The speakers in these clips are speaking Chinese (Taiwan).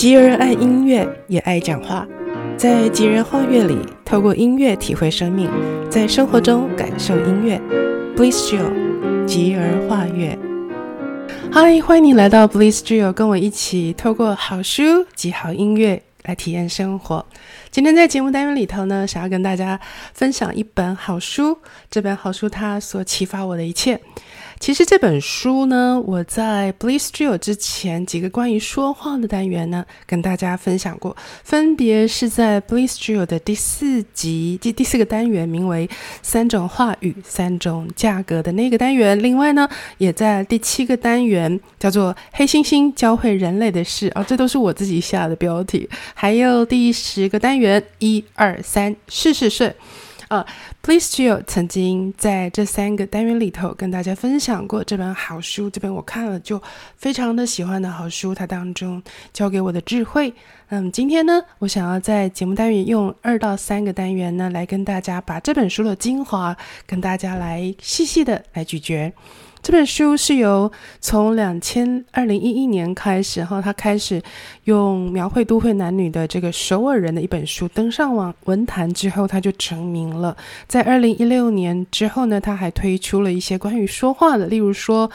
吉兒愛音樂，也愛講話。在吉兒畫樂裡，透過音樂體會生命，在生活中感受音樂。Bless Jill，吉兒畫樂。嗨，歡迎你來到 Bless Jill，跟我一起透過好書及好音樂來體驗生活。今天在節目單元裡頭呢，想要跟大家分享一本好書。這本好書它所啟發我的一切。其實這本書呢，我在《Bliss Drill》之前幾個關於說話的單元呢，跟大家分享過，分別是在《Bliss Drill》的第四集，第第四個單元，名為“三種話語，三種價格”的那個單元。另外呢，也在第七個單元，叫做“黑猩猩教會人類的事”啊、哦，這都是我自己下的標題。還有第十個單元，一二三四四四。試試睡啊、uh,，Please do 曾經在這三個單元裡頭跟大家分享過這本好書，這本我看了就非常的喜歡的好書，它當中教給我的智慧。嗯，今天呢，我想要在節目單元用二到三個單元呢，來跟大家把這本書的精華跟大家來細細的來咀嚼。這本書是由從兩千二零一一年開始，哈，他開始用描繪都會男女的這個首爾人的一本書登上網文壇之後，他就成名了。在二零一六年之後呢，他還推出了一些關於說話的，例如說。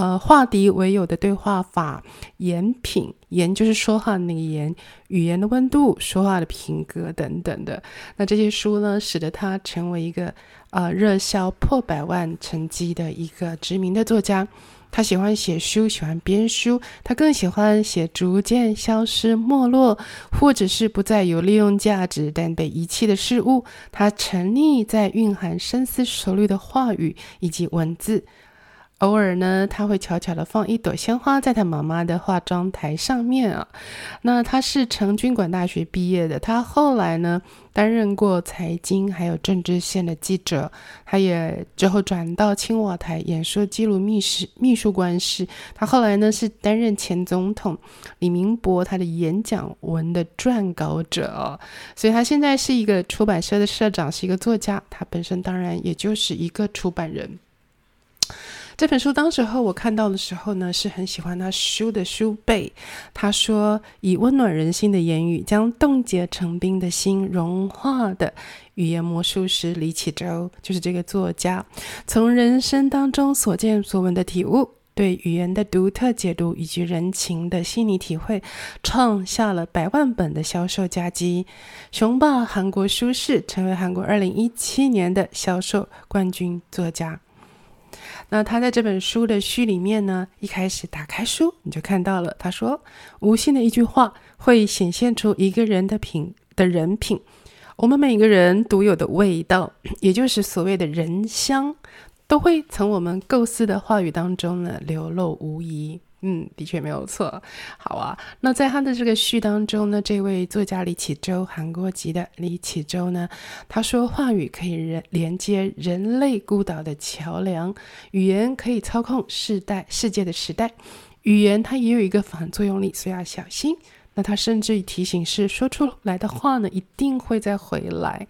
呃，化敵為友的對話法、言品，言就是說話的那個言，語言的溫度、說話的品格等等的。那這些書呢，使得他成為一個呃熱銷破百萬成績的一個知名的作家。他喜歡寫書，喜歡編書，他更喜歡寫逐漸消失、沒落或者是不再有利用價值但被遺棄的事物。他沉溺在蘊含深思熟慮的話語以及文字。偶爾呢，他會悄悄地放一朵鮮花在他媽媽的化妝台上面啊。那他是成均館大學畢業的，他後來呢擔任過財經還有政治線的記者，他也之後轉到青瓦台演說記錄秘書祕書官室，他後來呢是擔任前總統李明博他的演講文的撰稿者哦。所以他現在是一個出版社的社長，是一個作家，他本身當然也就是一個出版人。這本書當時候我看到的時候呢，是很喜歡他書的書背。他說：“以溫暖人心的言語，將凍結成冰的心融化的語言魔術師李起周，就是這個作家。從人生當中所見所聞的體悟，對語言的獨特解讀以及人情的心理體會，創下了百萬本的銷售佳績，雄霸韓國書市，成為韓國2017年的銷售冠軍作家。”那他在這本書的序裡面呢，一開始打開書，你就看到了。他說，無心的一句話會顯現出一個人的品的人品，我們每個人獨有的味道，也就是所謂的人香，都會從我們構思的話語當中呢，流露無遺。嗯，的確沒有錯。好啊，那在他的這個序當中呢，這位作家李起周，韓國籍的李起周呢，他說，話語可以人，連接人類孤島的橋梁，語言可以操控世代世界的時代，語言它也有一個反作用力，所以要小心。那他甚至提醒是說出來的話呢，一定會再回來。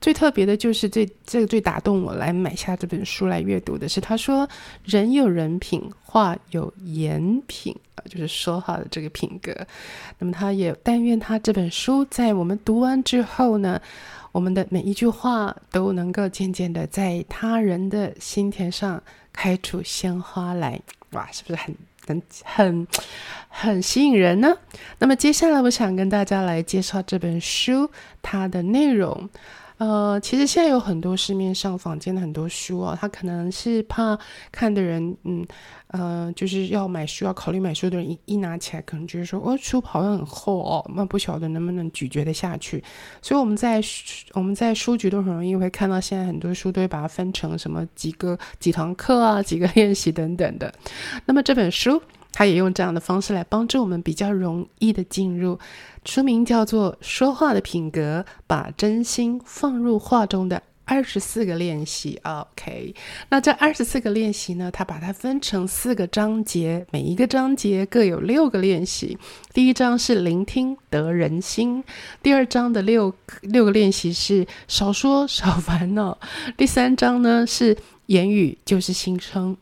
最特別的就是這這個最打動我來買下這本書來閱讀的是，他說人有人品，話有言品啊，就是說話的這個品格。那麼他也但願他這本書在我們讀完之後呢，我們的每一句話都能夠漸漸的在他人的心田上開出鮮花來。哇，是不是很？嗯、很很很吸引人呢、啊。那麼接下來，我想跟大家來介紹這本書它的內容。呃，其實現在有很多市面上坊間的很多書啊、哦，它可能是怕看的人，嗯。呃，就是要買書，要考慮買書的人一,一拿起來，可能覺得說，哦，書好像很厚哦，那不曉得能不能咀嚼得下去。所以我們在我們在書局都很容易會看到，現在很多書都會把它分成什麼幾個幾堂課啊，幾個練習等等的。那麼這本書，它也用這樣的方式來幫助我們比較容易的進入。書名叫做《說話的品格》，把真心放入話中的。二十四個練習，OK。那這二十四個練習呢？它把它分成四個章節，每一個章節各有六個練習。第一章是聆聽得人心，第二章的六六個練習是少說少煩惱。第三章呢是言語就是心聲，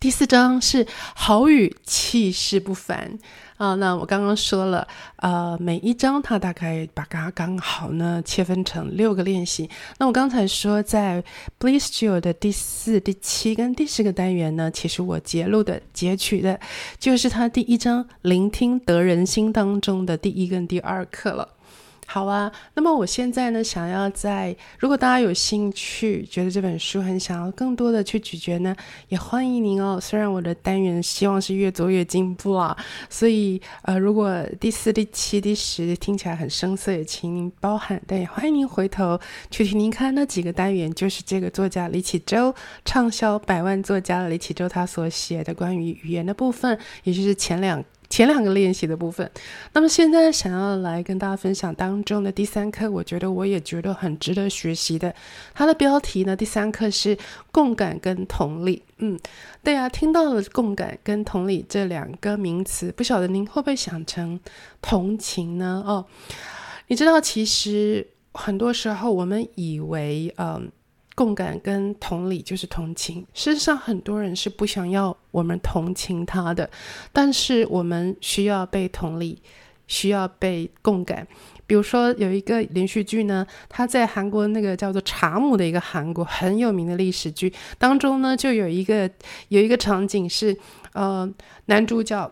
第四章是好語氣勢不凡。啊、哦，那我剛剛說了，呃，每一章它大概把它剛好呢切分成六個練習。那我剛才說在《Please Joy》的第四、第七跟第十個單元呢，其實我截錄的截取的就是它第一章“聆聽得人心”當中的第一跟第二課了。好啊，那麼我現在呢，想要在，如果大家有興趣，覺得這本書很想要更多的去咀嚼呢，也歡迎您哦。雖然我的單元希望是越做越進步啊，所以呃，如果第四、第七、第十聽起來很生澀，也請您包涵，但也歡迎您回頭去聽,聽。您看那幾個單元，就是這個作家李起周，暢銷百萬作家的李起周他所寫的關於語言的部分，也就是前兩。前兩個練習的部分，那麼現在想要來跟大家分享當中的第三課，我覺得我也覺得很值得學習的。它的標題呢，第三課是共感跟同理。嗯，對啊，聽到了“共感”跟“同理”這兩個名詞，不曉得您會不會想成同情呢？哦，你知道，其實很多時候我們以為，嗯。共感跟同理就是同情。事實上，很多人是不想要我們同情他的，但是我們需要被同理，需要被共感。比如說，有一個連續劇呢，他在韓國那個叫做《茶母》的一個韓國很有名的歷史劇當中呢，就有一個有一個場景是，呃，男主角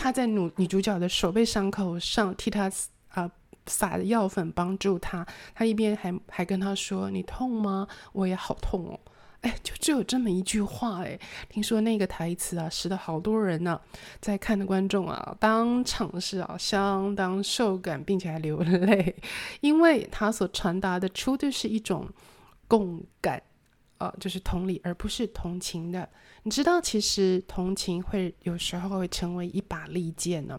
他 在女女主角的手背傷口上替他啊。撒的藥粉幫助他，他一邊還還跟他說：“你痛嗎？我也好痛哦。”哎，就只有這麼一句話哎。聽說那個台詞啊，使得好多人呢、啊，在看的觀眾啊，當場是啊，相當受感，並且還流了淚，因為他所傳達的出的是一種共感，啊，就是同理，而不是同情的。你知道，其實同情會有時候會成為一把利劍呢。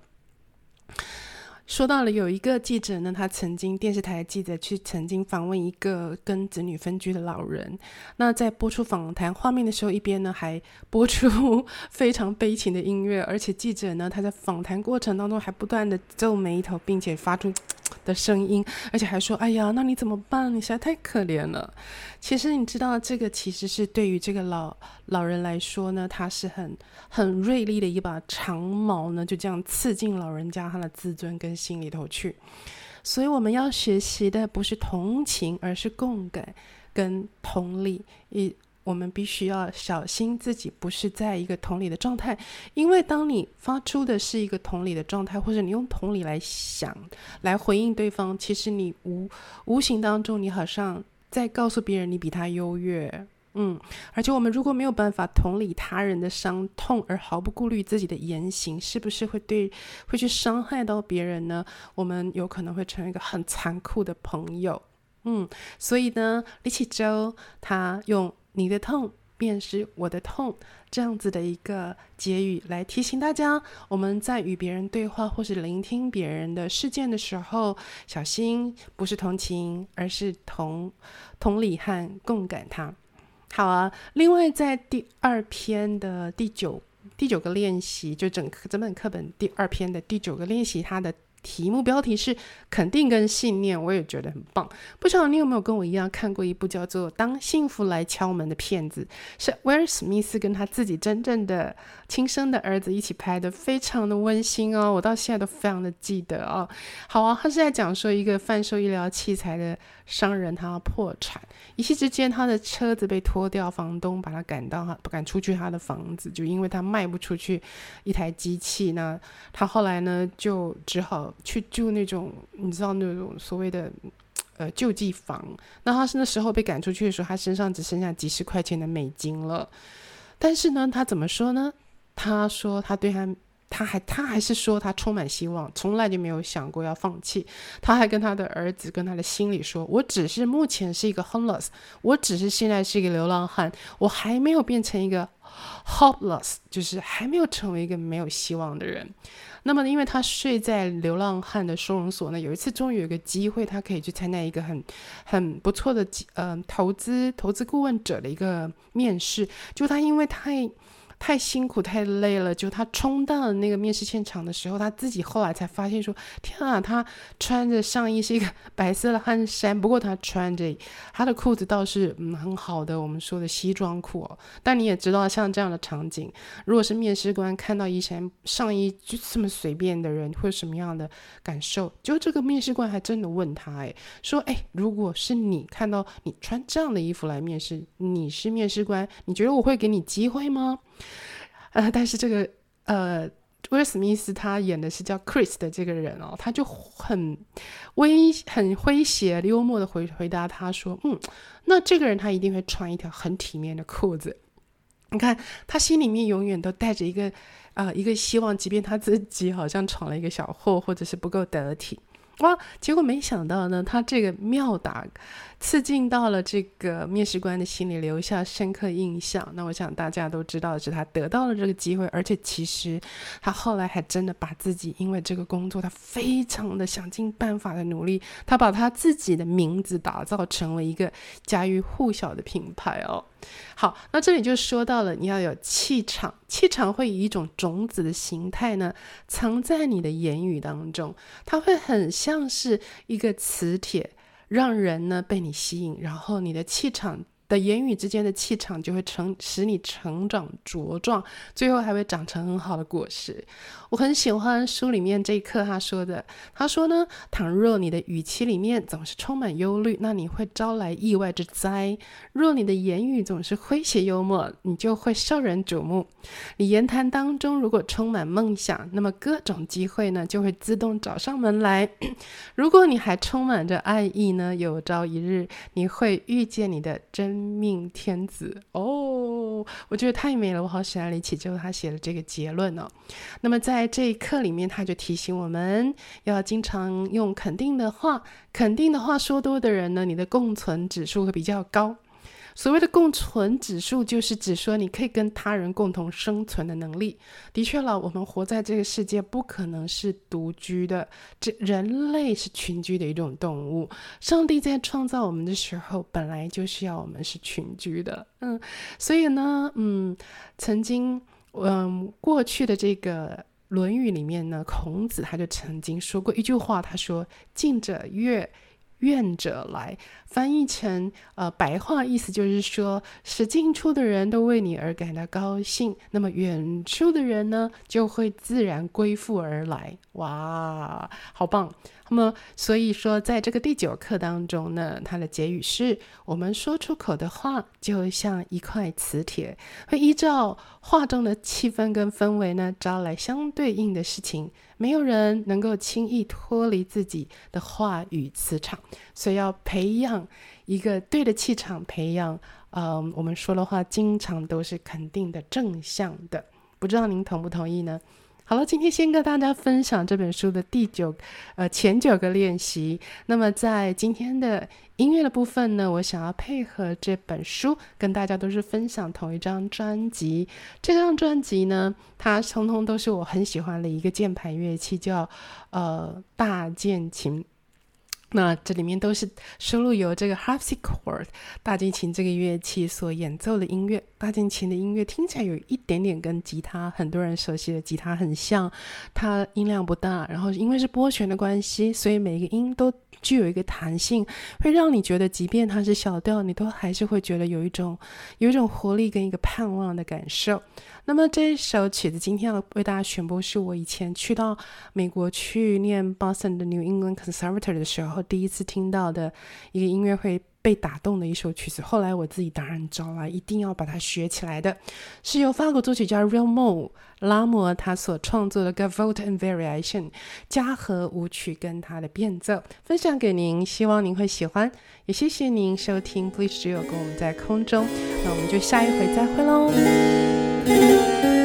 說到了有一個記者呢，他曾經電視台記者去曾經訪問一個跟子女分居的老人。那在播出訪談畫面的時候，一邊呢還播出非常悲情的音樂，而且記者呢，他在訪談過程當中還不斷的皺眉頭，並且發出。的聲音，而且還說：“哎呀，那你怎麼辦？你實在太可憐了。”其實你知道，這個其實是對於這個老老人來說呢，他是很很銳利的一把長矛呢，就這樣刺進老人家他的自尊跟心裡頭去。所以我們要學習的不是同情，而是共感跟同理。一我們必須要小心自己不是在一個同理的狀態，因為當你發出的是一個同理的狀態，或者你用同理來想、來回應對方，其實你無無形當中，你好像在告訴別人你比他優越。嗯，而且我們如果沒有辦法同理他人的傷痛，而毫不顧慮自己的言行，是不是會對、會去傷害到別人呢？我們有可能會成為一個很殘酷的朋友。嗯，所以呢，李起周他用。你的痛便是我的痛，這樣子的一個結語來提醒大家：我們在與別人對話或是聆聽別人的事件的時候，小心不是同情，而是同同理和共感他。他好啊。另外，在第二篇的第九第九個練習，就整個，整本課本第二篇的第九個練習，它的。題目標題是肯定跟信念，我也覺得很棒。不知道你有沒有跟我一樣看過一部叫做《當幸福來敲門》的片子？是威爾·史密斯跟他自己真正的親生的兒子一起拍的，非常的溫馨哦。我到現在都非常的記得哦。好啊，他是在講說一個販售醫療器材的。商人他要破產，一夕之間他的車子被拖掉，房東把他趕到他不敢出去他的房子，就因為他賣不出去一台機器呢。那他後來呢，就只好去住那種你知道那種所謂的呃救濟房。那他是那時候被趕出去的時候，他身上只剩下幾十塊錢的美金了。但是呢，他怎麼說呢？他說他對他。他還他還是說他充滿希望，從來就沒有想過要放棄。他還跟他的兒子，跟他的心裡說：“我只是目前是一個 homeless，我只是現在是一個流浪漢，我還沒有變成一個 hopeless，就是還沒有成為一個沒有希望的人。”那麼呢，因為他睡在流浪漢的收容所呢，有一次終於有一個機會，他可以去參加一個很很不錯的呃投資投資顧問者的一個面試。就他因為太。太辛苦太累了。就他衝到了那個面試現場的時候，他自己後來才發現，說：“天啊，他穿着上衣是一個白色的汗衫，不過他穿着他的褲子倒是蠻、嗯、很好的，我們說的西裝褲、哦。但你也知道，像這樣的場景，如果是面試官看到一身上衣就這麼隨便的人，會有什麼樣的感受？就這個面試官還真的問他、哎，誒，說，哎，如果是你看到你穿這樣的衣服來面試，你是面試官，你覺得我會給你機會嗎？”呃，但是這個呃，威爾史密斯他演的是叫 Chris 的這個人哦，他就很威、很詼諧、幽默的回回答他說：“嗯，那這個人他一定會穿一條很體面的褲子。你看，他心裡面永遠都帶着一個啊、呃、一個希望，即便他自己好像闖了一個小禍，或者是不夠得體。哇，結果沒想到呢，他這個妙答。”刺進到了這個面試官的心裡，留下深刻印象。那我想大家都知道的是，他得到了這個機會，而且其實他後來還真的把自己因為這個工作，他非常的想盡辦法的努力，他把他自己的名字打造成了一個家喻戶曉的品牌哦。好，那這裡就說到了，你要有氣場，氣場會以一種種子的形態呢，藏在你的言語當中，它會很像是一個磁鐵。讓人呢被你吸引，然後你的氣場。的言語之間的氣場就會成，使你成長茁壯，最後還會長成很好的果實。我很喜歡書裡面這一課他說的，他說呢，倘若你的語氣裡面總是充滿憂慮，那你會招來意外之災；若你的言語總是詼諧幽默，你就會受人矚目。你言談當中如果充滿夢想，那麼各種機會呢，就會自動找上門來。 如果你還充滿着愛意呢，有朝一日你會遇見你的真命天子哦，我覺得太美了，我好喜愛李起周他寫的這個結論哦，那麼在這一課裡面，他就提醒我們要經常用肯定的話，肯定的話說多的人呢，你的共存指數會比較高。所謂的共存指數，就是指說你可以跟他人共同生存的能力。的確了，我們活在這個世界，不可能是獨居的。這人類是群居的一種動物。上帝在創造我們的時候，本來就是要我們是群居的。嗯，所以呢，嗯，曾經，嗯，過去的這個《論語》裡面呢，孔子他就曾經說過一句話，他說：“近者悅。”遠者來。翻譯成呃白話意思就是說，使近處的人都為你而感到高興，那麼遠處的人呢，就會自然歸附而來。哇，好棒！那麼，所以說，在這個第九課當中呢，它的結語是我們說出口的話，就像一塊磁鐵，會依照話中的氣氛跟氛圍呢，招來相對應的事情。沒有人能夠輕易脫離自己的話語磁場，所以要培養一個對的氣場，培養，嗯、呃，我們說的話經常都是肯定的、正向的。不知道您同不同意呢？好了，今天先跟大家分享這本書的第九，呃，前九個練習。那麼在今天的音樂的部分呢，我想要配合這本書，跟大家都是分享同一張專輯。這張專輯呢，它通通都是我很喜歡的一個鍵盤樂器叫，叫呃大鍵琴。那這裡面都是收錄由這個 harpsichord 大鍵琴這個樂器所演奏的音樂。大鍵琴的音樂聽起來有一點點跟吉他，很多人熟悉的吉他很像，它音量不大，然後因為是撥弦的關係，所以每一個音都，具有一個彈性，會讓你覺得，即便它是小調，你都還是會覺得有一種有一種活力跟一個盼望的感受。那麼這一首曲子，今天要為大家選播，是我以前去到美國去念 Boston 的 New England Conservatory 的時候，第一次聽到的一個音樂會。被打動的一首曲子，後來我自己當然知道啦，一定要把它學起來的，是由法國作曲家 Rameau 拉摩他所創作的 Gavotte and Variation 嘉禾舞曲跟他的變奏，分享給您，希望您會喜歡，也謝謝您收聽，Please 只有跟我們在空中，那我們就下一回再會嘍。